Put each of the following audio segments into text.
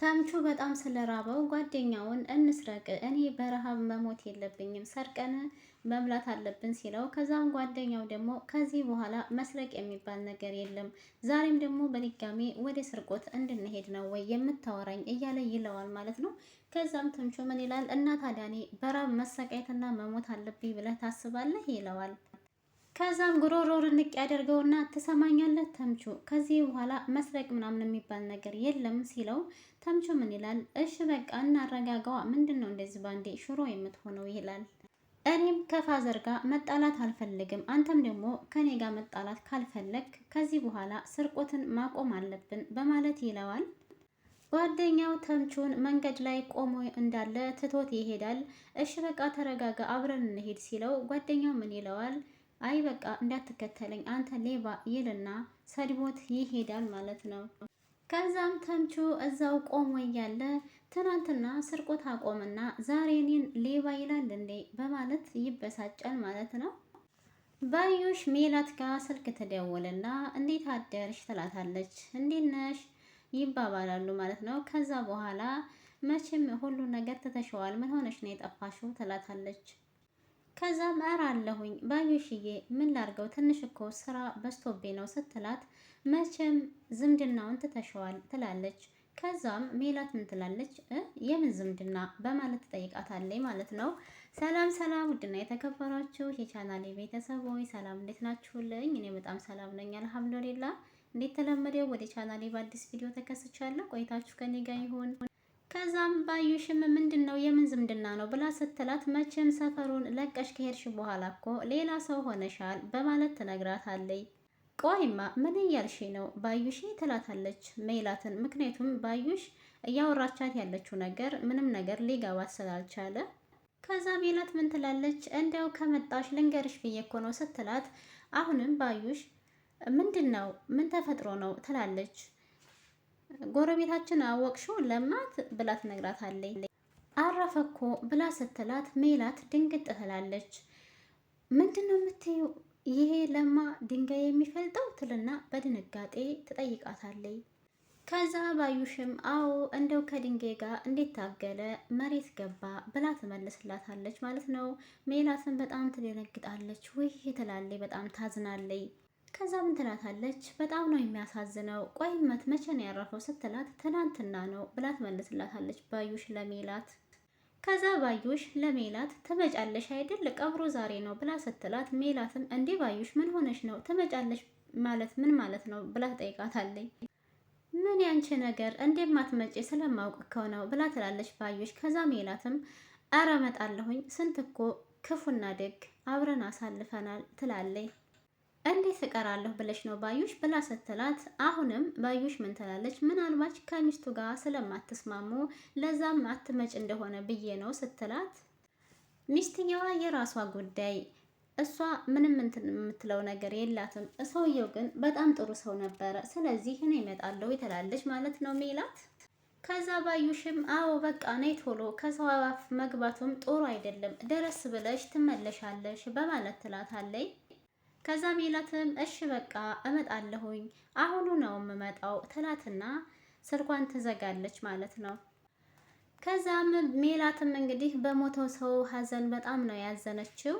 ተምቹ በጣም ስለራበው ጓደኛውን እንስረቅ፣ እኔ በረሃብ መሞት የለብኝም ሰርቀን መብላት አለብን ሲለው፣ ከዛም ጓደኛው ደግሞ ከዚህ በኋላ መስረቅ የሚባል ነገር የለም፣ ዛሬም ደግሞ በድጋሚ ወደ ስርቆት እንድንሄድ ነው ወይ የምታወራኝ እያለ ይለዋል ማለት ነው። ከዛም ተምቹ ምን ይላል እና ታዲያ እኔ በረሃብ መሰቃየትና መሞት አለብኝ ብለህ ታስባለህ ይለዋል። ከዛም ጉሮሮ ንቅ ያደርገውና ትሰማኛለህ ተምቹ፣ ከዚህ በኋላ መስረቅ ምናምን የሚባል ነገር የለም ሲለው ተምቹ ምን ይላል? እሺ በቃ እናረጋጋዋ፣ ምንድን ነው እንደዚህ ባንዴ ሽሮ የምትሆነው ይላል። እኔም ከፋዘር ጋር መጣላት አልፈልግም፣ አንተም ደግሞ ከኔ ጋር መጣላት ካልፈለግ ከዚህ በኋላ ስርቆትን ማቆም አለብን በማለት ይለዋል። ጓደኛው ተምቹን መንገድ ላይ ቆሞ እንዳለ ትቶት ይሄዳል። እሺ በቃ ተረጋጋ፣ አብረን እንሄድ ሲለው ጓደኛው ምን ይለዋል? አይ በቃ እንዳትከተለኝ አንተ ሌባ ይልና ሰድቦት ይሄዳል ማለት ነው። ከዛም ተምቹ እዛው ቆሞ እያለ ትናንትና ስርቆት አቆምና ዛሬ እኔን ሌባ ይላል እንዴ በማለት ይበሳጫል ማለት ነው። ባዩሽ ሜላት ጋር ስልክ ተደወለና እንዴት አደርሽ ትላታለች። እንዴት ነሽ ይባባላሉ ማለት ነው። ከዛ በኋላ መቼም ሁሉ ነገር ትተሸዋል፣ ምን ሆነሽ ነው የጠፋሽው ትላታለች። ከዛ መር አለሁኝ ባዩሽዬ፣ ምን ላርገው ትንሽ እኮ ስራ በስቶቤ ነው ስትላት፣ መቼም ዝምድናውን ትተሸዋል ትላለች። ከዛም ሜላት ምን ትላለች? የምን ዝምድና በማለት ትጠይቃታለች ማለት ነው። ሰላም ሰላም፣ ውድና የተከበራችሁ የቻናሌ ቤተሰቦች ሰላም፣ እንዴት ናችሁልኝ? እኔ በጣም ሰላም ነኝ አልሐምዱሊላ። ተለመደው ወደ ቻናሌ በአዲስ ቪዲዮ ተከስቻለሁ። ቆይታችሁ ከኔ ጋር ይሁን። ከዛም ባዩሽም ምንድን ነው የምን ዝምድና ነው ብላ ስትላት መቼም ሰፈሩን ለቀሽ ከሄድሽ በኋላ እኮ ሌላ ሰው ሆነሻል በማለት ትነግራታለች። ቆይማ ምን እያልሽ ነው ባዩሽ ትላታለች ሜላትን። ምክንያቱም ባዩሽ እያወራቻት ያለችው ነገር ምንም ነገር ሊገባት ስላልቻለ ከዛ ሜላት ምን ትላለች? እንዲያው ከመጣሽ ልንገርሽ ብዬ እኮ ነው ስትላት አሁንም ባዩሽ ምንድን ነው ምን ተፈጥሮ ነው ትላለች። ጎረቤታችን አወቅሽው ለማት ብላ ትነግራታለች። አረፈ እኮ ብላ ስትላት ሜላት ድንግጥ ትላለች። ምንድን ነው የምትይው? ይሄ ለማ ድንጋይ የሚፈልጠው ትልና በድንጋጤ ትጠይቃታለች። ከዛ ባዩሽም አዎ እንደው ከድንጋይ ጋር እንዴት ታገለ መሬት ገባ ብላ ትመልስላታለች ማለት ነው። ሜላትን በጣም ትደነግጣለች። ውይ ትላለች። በጣም ታዝናለች። ከዛ ምን ትላታለች? በጣም ነው የሚያሳዝነው። ቆይ መቼ ነው ያረፈው ስትላት ትናንትና ነው ብላት መልስላታለች ባዩሽ ለሜላት። ከዛ ባዩሽ ለሜላት ትመጫለሽ አይደል ቀብሮ ዛሬ ነው ብላ ስትላት ሜላትም እንዲህ ባዩሽ ምን ሆነሽ ነው ትመጫለሽ ማለት ምን ማለት ነው ብላ ትጠይቃታለች። ምን ያንቺ ነገር ማትመጪ ስለማውቅ እኮ ነው ብላ ትላለች ባዩሽ። ከዛ ሜላትም አረ እመጣለሁኝ ስንት እኮ ክፉና ደግ አብረን አሳልፈናል ትላለች። እንዴት እቀራለሁ ብለሽ ነው ባዩሽ ብላ ስትላት፣ አሁንም ባዩሽ ምን ትላለች? ምናልባች ከሚስቱ ጋር ስለማትስማሙ ለዛም አትመጭ እንደሆነ ብዬ ነው ስትላት፣ ሚስትየዋ የራሷ ጉዳይ እሷ ምንም የምትለው ነገር የላትም። ሰውየው ግን በጣም ጥሩ ሰው ነበረ። ስለዚህ እኔ እመጣለሁ ትላለች ማለት ነው ሜላት። ከዛ ባዩሽም አዎ በቃ ነይ ቶሎ፣ ከሰው አፍ መግባቱም ጥሩ አይደለም፣ ደረስ ብለሽ ትመለሻለሽ በማለት ትላታለች። ከዛ ሜላትም እሺ በቃ እመጣለሁኝ አሁኑ ነው የምመጣው ትላትና ስልኳን ትዘጋለች ማለት ነው። ከዛም ሜላትም እንግዲህ በሞተው ሰው ሀዘን በጣም ነው ያዘነችው።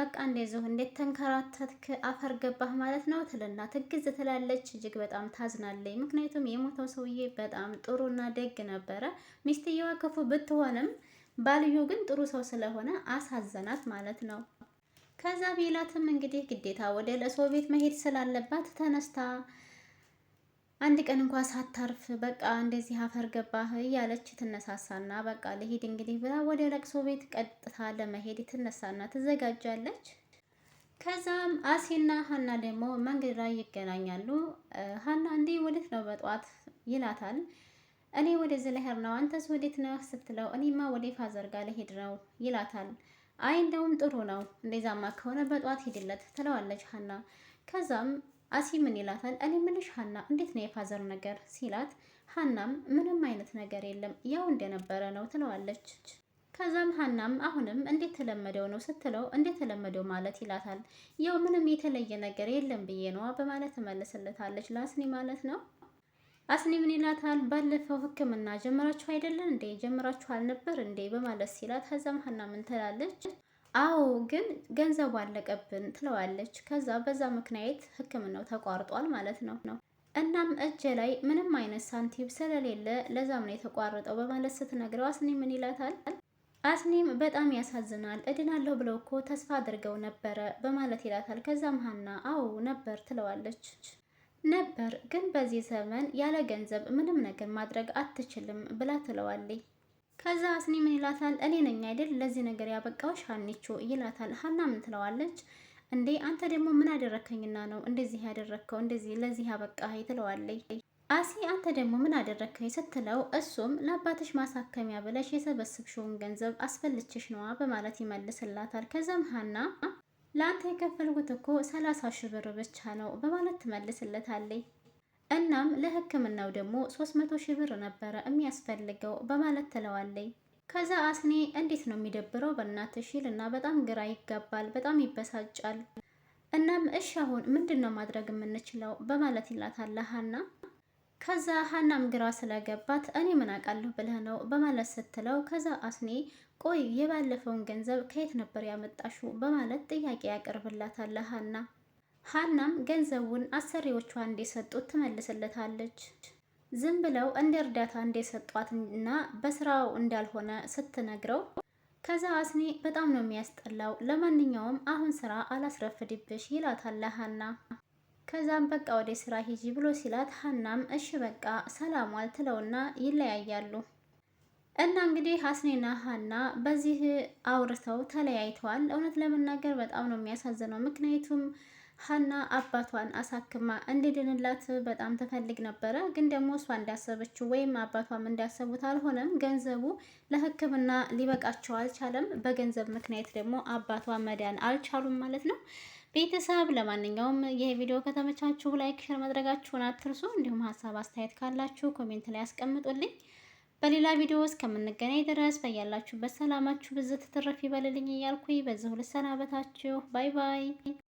በቃ እንደዚሁ እንዴት ተንከራተትክ አፈር ገባህ ማለት ነው ትልና ትግዝ ትላለች። እጅግ በጣም ታዝናለች ምክንያቱም የሞተው ሰውዬ በጣም ጥሩና ደግ ነበረ። ሚስትየዋ ክፉ ብትሆንም ባልዩ ግን ጥሩ ሰው ስለሆነ አሳዘናት ማለት ነው። ከዛ ቤላትም እንግዲህ ግዴታ ወደ ለቅሶ ቤት መሄድ ስላለባት ተነስታ አንድ ቀን እንኳ ሳታርፍ በቃ እንደዚህ አፈር ገባህ እያለች ትነሳሳና በቃ ልሂድ እንግዲህ ብላ ወደ ለቅሶ ቤት ቀጥታ ለመሄድ ትነሳና ትዘጋጃለች። ከዛም አሴና ሀና ደግሞ መንገድ ላይ ይገናኛሉ። ሀና እንዲህ ወዴት ነው በጠዋት ይላታል። እኔ ወደ ልሄድ ነው፣ አንተስ ወዴት ነው ስትለው እኔማ ወደ ፋዘር ጋር ልሄድ ነው ይላታል። አይ እንደውም ጥሩ ነው እንደዛማ ከሆነ በጠዋት ሂድለት ትለዋለች ሀና። ከዛም አሲ ምን ይላታል? እኔ ምልሽ ሀና እንዴት ነው የፋዘር ነገር ሲላት፣ ሀናም ምንም አይነት ነገር የለም ያው እንደነበረ ነው ትለዋለች። ከዛም ሀናም አሁንም እንዴት ተለመደው ነው ስትለው፣ እንዴት ተለመደው ማለት ይላታል። ያው ምንም የተለየ ነገር የለም ብዬ ነዋ በማለት ትመልስለታለች። ላስኒ ማለት ነው አስኒ ምን ይላታል? ባለፈው ህክምና ጀምራችሁ አይደለም እንዴ ጀምራችሁ አልነበር እንዴ በማለት ሲላት፣ ከዛም ሀና ምን ትላለች? አዎ ግን ገንዘቡ አለቀብን ትለዋለች። ከዛ በዛ ምክንያት ህክምናው ተቋርጧል ማለት ነው ነው እናም እጄ ላይ ምንም አይነት ሳንቲም ስለሌለ ለዛም ነው የተቋረጠው በማለት ስትነግረው፣ አስኒ ምን ይላታል? አስኒም በጣም ያሳዝናል፣ እድናለሁ ብለው እኮ ተስፋ አድርገው ነበረ በማለት ይላታል። ከዛም ሀና አዎ ነበር ትለዋለች። ነበር ግን በዚህ ዘመን ያለ ገንዘብ ምንም ነገር ማድረግ አትችልም ብላ ትለዋለች። ከዛ አስኒ ምን ይላታል? እኔ ነኝ አይደል ለዚህ ነገር ያበቃው ሻኒቾ ይላታል። ሀና ምን ትለዋለች? እንዴ አንተ ደግሞ ምን አደረከኝና ነው እንደዚህ ያደረግከው እንደዚህ ለዚህ ያበቃህ? ትለዋለይ። አሲ አንተ ደግሞ ምን አደረከኝ ስትለው እሱም ለአባትሽ ማሳከሚያ ብለሽ የሰበሰብሽውን ገንዘብ አስፈልችሽ ነዋ በማለት ይመልስላታል። ከዛም ሀና ለአንተ የከፈልኩት እኮ ሰላሳ ሺህ ብር ብቻ ነው በማለት ትመልስለታለች። እናም ለሕክምናው ደግሞ ሶስት መቶ ሺህ ብር ነበረ የሚያስፈልገው በማለት ትለዋለች። ከዛ አስኔ እንዴት ነው የሚደብረው በእናትሽ ይልና በጣም ግራ ይጋባል፣ በጣም ይበሳጫል። እናም እሺ አሁን ምንድን ነው ማድረግ የምንችለው በማለት ይላታል ሀና። ከዛ ሀናም ግራ ስለገባት እኔ ምን አውቃለሁ ብለህ ነው በማለት ስትለው ከዛ አስኔ ቆይ የባለፈውን ገንዘብ ከየት ነበር ያመጣሽው? በማለት ጥያቄ ያቀርብላታል ሀና። ሀናም ገንዘቡን አሰሪዎቿ እንደሰጡት ትመልስለታለች። ዝም ብለው እንደ እርዳታ እንደሰጧት እና በስራው እንዳልሆነ ስትነግረው ከዛ አስኔ በጣም ነው የሚያስጠላው፣ ለማንኛውም አሁን ስራ አላስረፍድብሽ ይላታል ሀና። ከዛም በቃ ወደ ስራ ሂጂ ብሎ ሲላት ሀናም እሺ በቃ ሰላሟል ትለውና ይለያያሉ። እና እንግዲህ ሀስኔና ሀና በዚህ አውርተው ተለያይተዋል። እውነት ለመናገር በጣም ነው የሚያሳዝነው። ምክንያቱም ሀና አባቷን አሳክማ እንዲድንላት በጣም ትፈልግ ነበረ። ግን ደግሞ እሷ እንዳሰበችው ወይም አባቷም እንዳሰቡት አልሆነም። ገንዘቡ ለሕክምና ሊበቃቸው አልቻለም። በገንዘብ ምክንያት ደግሞ አባቷ መዳን አልቻሉም ማለት ነው። ቤተሰብ ለማንኛውም ይሄ ቪዲዮ ከተመቻችሁ ላይክ፣ ሸር ማድረጋችሁን አትርሱ። እንዲሁም ሀሳብ አስተያየት ካላችሁ ኮሜንት ላይ ያስቀምጡልኝ። በሌላ ቪዲዮ እስከምንገናኝ ድረስ በያላችሁበት ሰላማችሁ ብዝት ትርፍ ይበልልኝ እያልኩኝ በዚሁ ልሰናበታችሁ። ባይ ባይ።